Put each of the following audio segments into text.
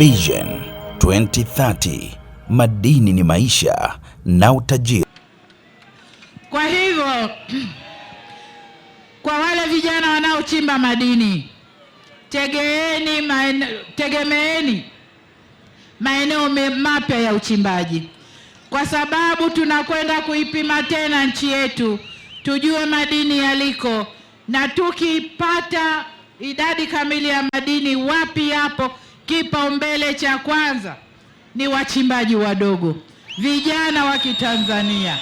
Vision 2030 madini ni maisha na utajiri. Kwa hivyo kwa wale vijana wanaochimba madini, tegeeni tegemeeni maeneo mapya ya uchimbaji, kwa sababu tunakwenda kuipima tena nchi yetu, tujue madini yaliko, na tukipata idadi kamili ya madini, wapi yapo Kipaumbele cha kwanza ni wachimbaji wadogo, vijana wa Kitanzania,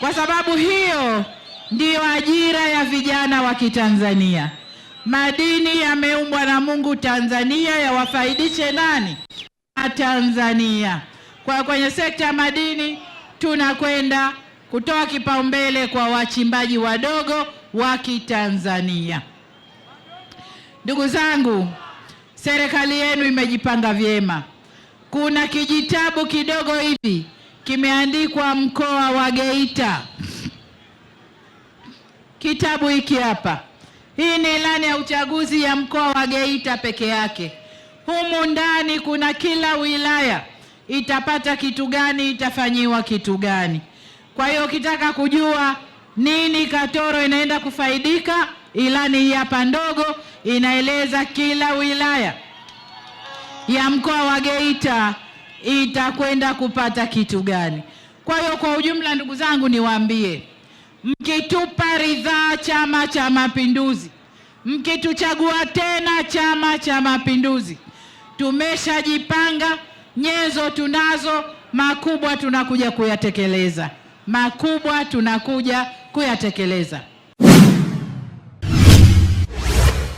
kwa sababu hiyo ndiyo ajira ya vijana wa Kitanzania. Madini yameumbwa na Mungu, Tanzania yawafaidishe nani? Na Tanzania. Kwa kwenye sekta ya madini tunakwenda kutoa kipaumbele kwa wachimbaji wadogo wa Kitanzania. Ndugu zangu, serikali yenu imejipanga vyema. Kuna kijitabu kidogo hivi kimeandikwa mkoa wa Geita. Kitabu hiki hapa, hii ni ilani ya uchaguzi ya mkoa wa Geita peke yake. Humu ndani kuna kila wilaya itapata kitu gani, itafanyiwa kitu gani. Kwa hiyo ukitaka kujua nini Katoro inaenda kufaidika Ilani hii hapa ndogo inaeleza kila wilaya ya mkoa wa Geita itakwenda kupata kitu gani. Kwa hiyo kwa ujumla, ndugu zangu, niwaambie, mkitupa ridhaa Chama cha Mapinduzi, mkituchagua tena Chama cha Mapinduzi, tumeshajipanga. Nyenzo tunazo, makubwa tunakuja kuyatekeleza, makubwa tunakuja kuyatekeleza.